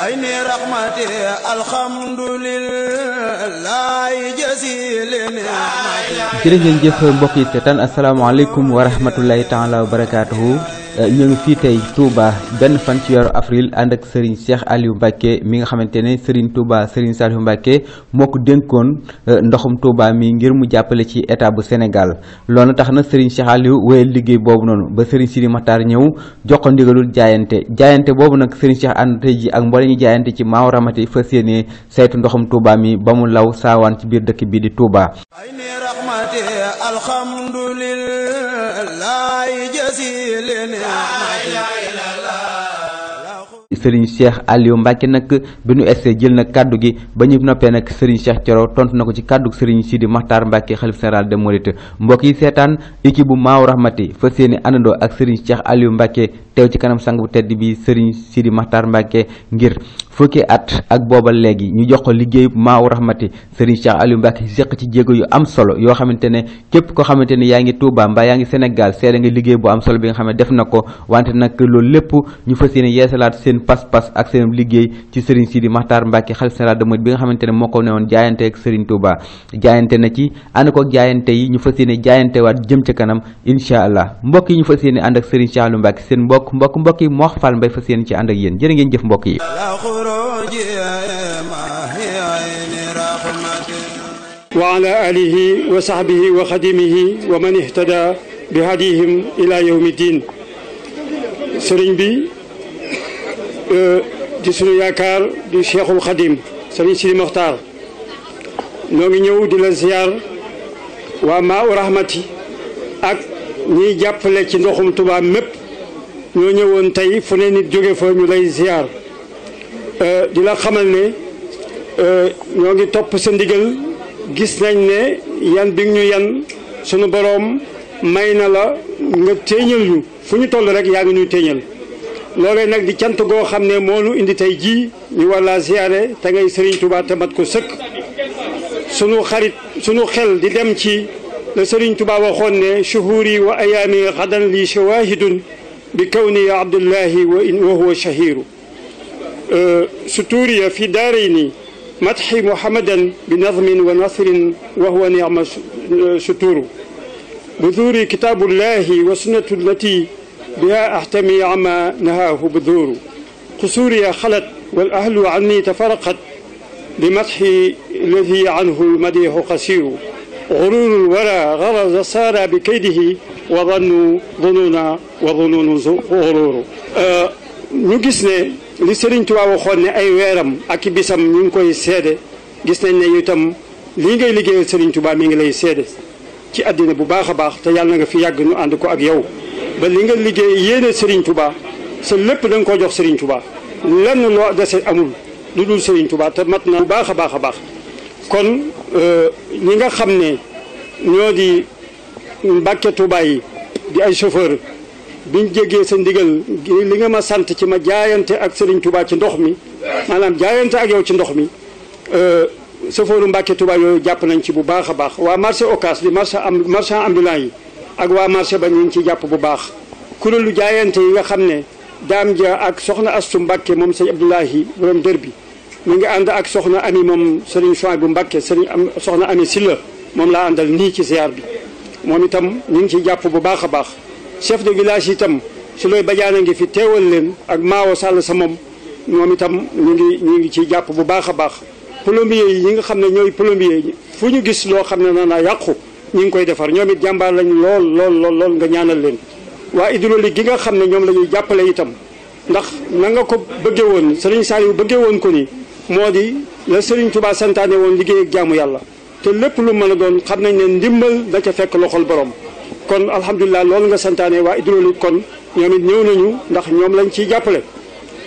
أين رحمتي الحمد لله جزيل نعمتي جرين جيف مبوكي تتان السلام عليكم ورحمة الله تعالى وبركاته Euh, ñu ngi fi tey Touba benn fan ci weeru avril ànd ak Serigne Cheikh yu Mbacké mi nga xamante ne Serigne Touba sëriñ Saliou Mbacké moo ko dénkoon euh, ndoxum Touba mi ngir mu jàppale ci état bu Sénégal loolu tax na Serigne Cheikh Aliou wéyal liggéey boobu noonu ba Serigne Sidi Makhtar ñëw jox ko ndigalul jaayante jaayante boobu nag Serigne Cheikh ànd tey ji ak mboole ñu jaayante ci maaw ramati fas yéene saytu ndoxum Touba mi ba mu law saawaan ci biir dëkk bi di Touba. sëriñ Cheikh yu Mbacke nag bi nu essayé jël na kàddu gi ba ñu noppee nag sëriñ Cheikh Thioro tontu na ko ci kàddu sëriñ Sidi Makhtar Mbacke xalif général de mbokk yi seetaan équipe bu Maaw Rahmati fa yéene àndandoo ak sëriñ Cheikh yu Mbacke teew ci kanam sang bu tedd bi sëriñ Sidi Makhtar Mbacke ngir fukki at ak booba léegi ñu jox ko liggéeyub maaw rahmati Serigne Cheikh Aliou Mbacke séq ci jéego yu am solo yoo xamante ne képp koo xamante ne yaa ngi Touba mbaa ngi Sénégal seede nga liggéey bu am solo bi nga xam ne def na ko wante nag loolu lépp ñu fas yéene yeesalaat seen pas-pas ak ci Serigne Sidi Makhtar Mbacke xalif général des mourides bi nga xamante ne moo ko newoon jaayante ak Serigne Touba jaayante na ci ànd ko ak ñu fas yéene jaayante jëm ca kanam incha allah mbokk yi ñu fas yéene ànd ak Serigne Cheikh Aliou seen mbokk mbokk mbokk yi moo Fall Mbaye fas yéene ci ànd ak yéen jërë ngeen jëf mbokk yi الخروج ما هي عين رحمته وعلى آله وصحبه وخدمه ومن اهتدى بهديهم إلى يوم الدين bi euh, di sunu yaakaar di Cheikhul Khadim sëriñ Sidi Mokhtar ñoo ngi ñëw di leen ziar waa maa u rahmati ak ñiy jàppale ci ndoxum Tuubaa mépp ñoo ñëwoon tey fu ne nit ñu lay ziar Euh, di la xamal ne euh, ñoo ngi topp sa ndigal gis nañ ne yan bi ñu yan sunu boroom may na la nga téeñal ñu fu ñu toll rek yaa ngi ñuy téeñal loolee nag di cant goo xam ne moo nu indi tey jii ñu war laa te ngay Serigne Touba te mat ko sëkk sunu xarit sunu xel di dem ci la sëriñ Touba waxoon ne shuhuri wa ayaami xadan li shawahidun bi kawni ya abdullahi wa in wa huwa shahiru ستوري في دارين مدحي محمدا بنظم ونثر وهو نعم ستور بذور كتاب الله وسنة التي بها أحتمي عما نهاه بذور قصوري خلت والأهل عني تفرقت لمدحي الذي عنه المديح قصير غرور الورى غرز سار بكيده وظنوا ظنونا وظنون غرور أه نقسنا li Serigne Touba waxoon ne ay weeram ak i bisam ñu ngi koy seede gis nañ ne itam li ngay liggéeyal Serigne tubaa mi ngi lay seede ci àddina bu baax a baax te yàlla nga fi yàgg ñu ànd ko ak yow ba li nga liggéey yéene Serigne Touba sa lépp danga nga koo jox Serigne Touba lenn loo dese amul lu dul sëriñ tubaa te mat na bu baax a baax a baax kon euh, ñi nga xam ne ñoo di Mbàkke Touba yi di ay chauffeur biñ jégee sa ndigal li nga ma sant ci ma jaayante ak Serigne Touba ci ndox mi maanaam jaayante ak yow ci ndox mi sofooru euh, Mbàkke Touba yooyu jàpp nañ ci bu baax a baax waa marché Ocass di marché am marchand ambulant yi ak waa marché ba ñu ngi ci jàpp bu baax kuréelu jaayante yi nga xam ne daam ja ak soxna Astu Mbàkke moom sëñ Abdoulahi borom dër bi mi ngi ànd ak soxna ami moom Serigne Chouaib bu Mbàkke Serigne am soxna ami sila moom laa àndal nii ci ziar bi moom itam ñu ngi ci jàpp bu baax a baax chef de village itam su lay bajaana ngi fi teewal leen ak maawo sàll sa moom moom itam ñu ngi ñu ngi ciy jàpp bu baax a baax plombier yi ñi nga xam ne ñooy yi fu ñu gis loo xam ne na naa yàqu ñu ngi koy defar ñoom it jàmbaar lañ lool lool lool lool nga ñaanal leen waa hydraulique gi nga xam ne ñoom la ñuy jàppale itam ndax na nga ko bëggee woon Serigne saali bëggee woon ko ni moo di la Serigne tubaa santaane woon liggéey ak jaamu yàlla te lépp lu mën a doon xam nañ ne ndimbal da ca fekk loxol borom kon alhamdulilah loolu nga santaane waa hydraulique kon ñoom it ñëw nañu ndax ñoom lañ ciy jàppale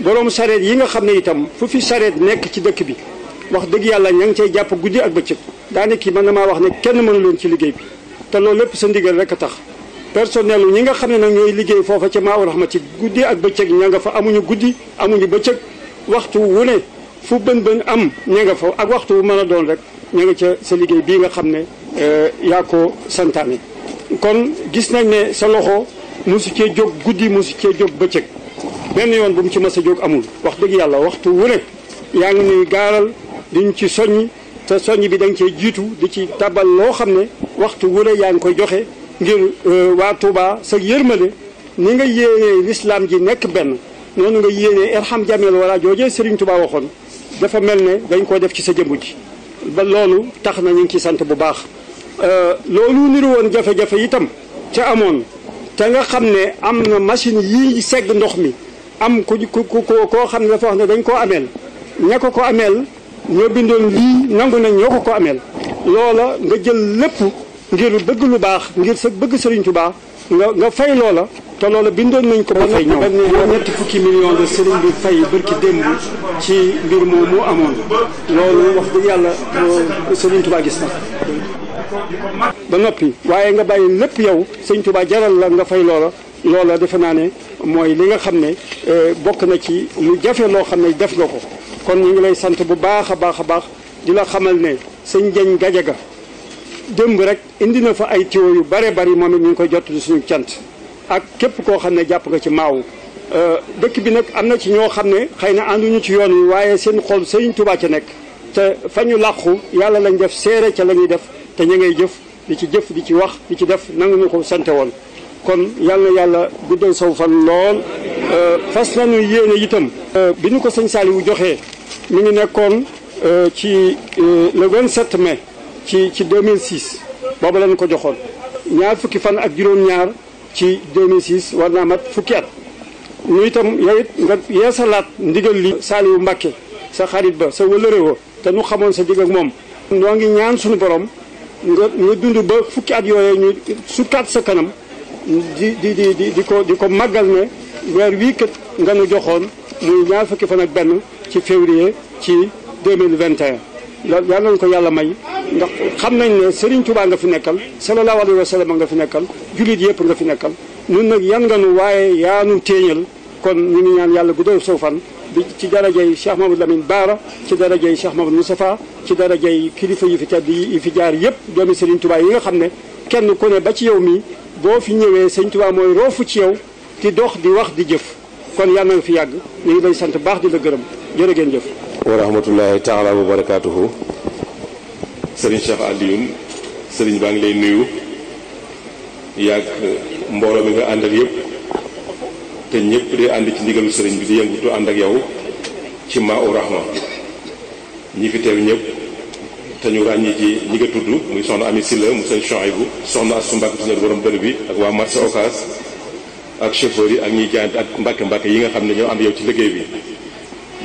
boroom sareet yi nga xam ne itam fu fi sareet nekk ci dëkk bi wax dëgg yàlla ña ngi cay jàpp guddi ak bëccëg daanaka mën na maa wax ne kenn mënu ci liggéey bi te loolu lépp sa ndigal rek a tax personnel ñi nga xam ne nag ñooy liggéey foofa ca Maaw Rahmati guddi ak bëccëg ña nga fa amuñu guddi amuñu bëccëg waxtu wu ne fu bën bën am ña nga fa ak waxtu wu mën a doon rek ña nga ca sa liggéey bi nga xam ne euh, yaa ko santaane kon gis nañ ne sa loxo mosu cee jóg guddi mosu cee jóg bëccëg benn yoon bu mu ci mës a jóg amul wax dëgg yàlla waxtu wu ne yaa ngi nuy gaaral diñ ci soññ te soññ bi da nga cee jiitu di ci tabal loo xam ne waxtu wure yaa ngi koy joxe ngir euh, waa Touba sa yërmale ni nga yéenee lislaam ji nekk benn noonu nga yéene irham jamel wala joojee Serigne Touba waxoon dafa mel ne dañ koo def ci sa jëmbu ji ba loolu tax na ñu ciy sant bu baax Euh, loolu niru woon jafe-jafe itam ca amoon te nga xam ne am na machine yi segg ndox mi am ku ko ku koo xam ne dafa wax ne dañ koo ameel ña ko ameel ñoo bindoon lii nangu nañ ñoo ko ko ameel loola nga jël lépp ngir bëgg lu baax ngir sa bëgg Sëriñ Tuubaa nga nga fay loola te loola bindoon nañ ko ba fay ñoom benn ñetti fukki million de sëriñ bi fay bërki démb ci mbir moomu amoon loolu wax dëgg yàlla Sëriñ Tuubaa gis na ba noppi waaye nga bàyyi lépp yow sëñ Tuubaa jaral la nga fay loola loola defe naa ne mooy li nga xam ne euh, bokk na ci lu jafe loo xam ne def nga ko kon ñu ngi lay sant bu baax a baax a baax di la xamal ne sëñ Diagne Gadiaga démb rek indi na fa ay tuyau yu bare bari moom it ñu ngi koy jot di suñu cant ak képp koo xam ne jàpp nga ci maawu euh, dëkk bi nag am na ci ñoo xam ne xëy na ànduñu ci yoon wi waaye seen xol sëñ Tuubaa ca nekk te fa ñu làqu yàlla lañ def seere ca la ñuy def te ña ngay jëf di ci jëf di ci wax di ci def nangu ñu ko sante woon kon yalla yalla guddal saw fan lool euh, fas nañu yéene itam euh, bi ñu ko sëñ wu joxee mi ngi nekkoon euh, ci le 27 mai ci ci 2006 booba lañ ko joxoon ñaar fukki fan ak juróom-ñaar ci 2006 war naa mat fukki at ñu itam yow it nga yeesalaat ndigal li Saliou Mbacke sa xarit ba sa wëlëre wa te nu xamoon sa digg ak moom noo ngi ñaan suñu borom nga nga dund ba fukki at yooyu ñu sukkaat sa kanam di di di di ko di ko màggal ne weer wii kat nga nu joxoon muy ñaar fukki fan ak benn ci février ci 2021 yàlla nañ ko yàlla may ndax xam nañ ne Serigne Touba nga fi nekkal sallallahu alayhi wa sallam nga fi nekkal jullit yëpp nga fi nekkal nun nag yan nga nu waaye yaa nu téeñal kon ñu ngi ñaan yàlla guddal soo fan bi ci darajey Cheikh Mamadou Lamine Baara ci darajey Cheikh Mamadou Moustapha ci darajey kilifa yu fi tedd yi fi jaar yëpp doomi Serigne Touba yi nga xam ne kenn ku ne ba ci yow mi boo fi ñëwee Serigne Touba mooy roofu ci yow di dox di wax di jëf kon yàlla nga fi yàgg ñu ngi lay sant baax di la gërëm jërë gen jëf. wa rahmatullahi taala wa barakaatuhu. Serigne Cheikh Alioune Serigne baa ngi lay nuyu yàgg mbooloo mi nga àndal yëpp. te ñëpp di ànd ci ndigalu sëriñ bi di yëngutu ànd ak yow ci maa u rahma ñi fi teew ñëpp te ñu ràññi ci ñi nga tudd muy soxna Ami Silla mu sëñ Chouaïbou soxna Assou Mbacke suñu borom dër bi ak waa marché ocas ak chauffeur yi ak ñuy jaayante ak mbàkke mbàkke yi nga xam ne ñoo ànd yow ci liggéey bi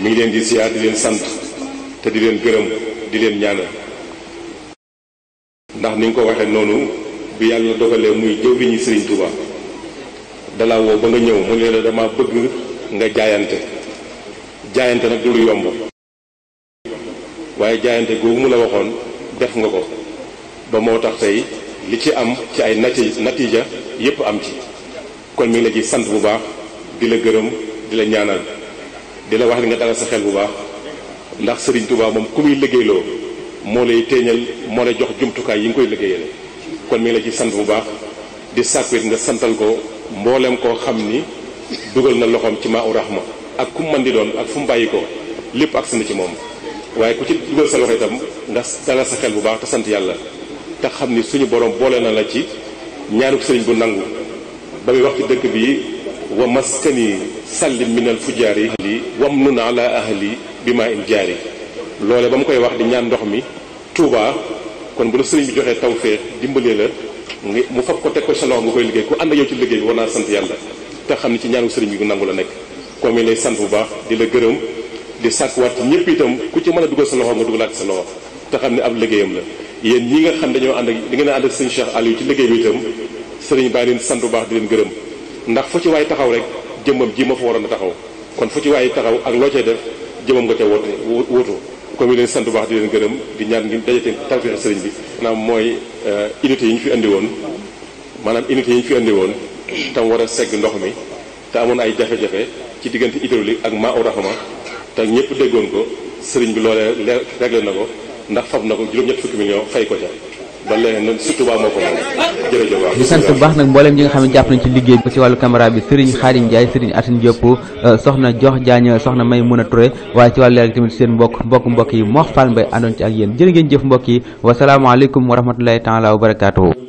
mu ngi leen di siyaar di leen sant te di leen gërëm di leen ñaanal ndax ni nga ko waxee noonu bi yàlla dogalee muy jëwriñu Sëriñ Tuubaa dalaa woo ba nga ñëw mu ne la dama bëgg nga jaayante jaayante nag du lu yomb waaye jaayante googu mu la waxoon def nga ko ba moo tax tey li ci am ci ay nati natija yépp am ci kon mi ngi la ci sant bu baax di la gërëm di la ñaanal di la wax li nga dalal sa xel bu baax ndax Serigne Touba moom ku muy liggéeyloo moo lay téeñal moo lay jox jumtukaay yi nga koy liggéeyal kon mii la ci sant bu baax di sàkku it nga santal ko mbooleem ko xam ni dugal na loxoom ci maa u ma ak ku mën di doon ak fu mu bàyyi ko lépp agsi na ci moom waaye ku ci dugal sa loxo itam nga dalal sa xel bu baax te sant yàlla te xam ni suñu borom boole na la ci ñaanuk sëriñ bu nangu ba muy wax ci dëkk bi wa maskani sallim minal fujaari li wam nun ala ahli bi maa jaar jaari loole ba mu koy wax di ñaan ndox mi Touba kon bu la sëriñ bi joxee tawfeex dimbalee la mu fab ko teg ko sa loxo nga koy liggéey ku ànd yow ci liggéey bi war naa sant yàlla te xam ne ci ñaanu sëriñ bi nangu la nekk koo lay sant bu baax di la gërëm di sàkkuwaat ñëpp itam ku ci mën a dugal sa loxo nga dugalaat sa loxo te xam ne ab liggéeyam la yéen ñi nga xam dañoo ànd ak di ngeen ànd ak sëriñ Cheikh Aliou ci liggéey bi itam sëriñ baa leen sant bu baax di leen gërëm ndax fu ci waaye taxaw rek jëmmam ji ma fa waroon a taxaw kon fu ci waaye taxaw ak loo cay def jëmmam nga ca woote wootoo comme yi sant wax di leen gërëm di ñaan ngi dajateen tawfeex sëriñ bi maanaam mooy euh, unité yi ñu fi indi woon maanaam unité yi ñu fi indi woon tam war a segg ndox mi te amoon ay jafe-jafe ci diggante hydraulique ak maa u rahma te ñëpp déggoon ko sëriñ bi loolee réglé na ko ndax fab na ko juróom-ñett fukki million fay ko ca ba léegi nag sant bu baax nag mboolem ji nga xam ne jàpp nañ ci liggéey bi ci wàllu caméra bi Serigne Khadim Ndiaye Serigne Atine Diop euh, soxna Jox Diagne soxna May Muna Touré waaye ci wàllu leer tamit seen mbokk mbokk mbokk yi Mor Fall Mbaye àndoon ci ak yéen jële ngeen jëf mbokk yi wasalaamaaleykum wa rahmatulahi taala wa barakaatuhu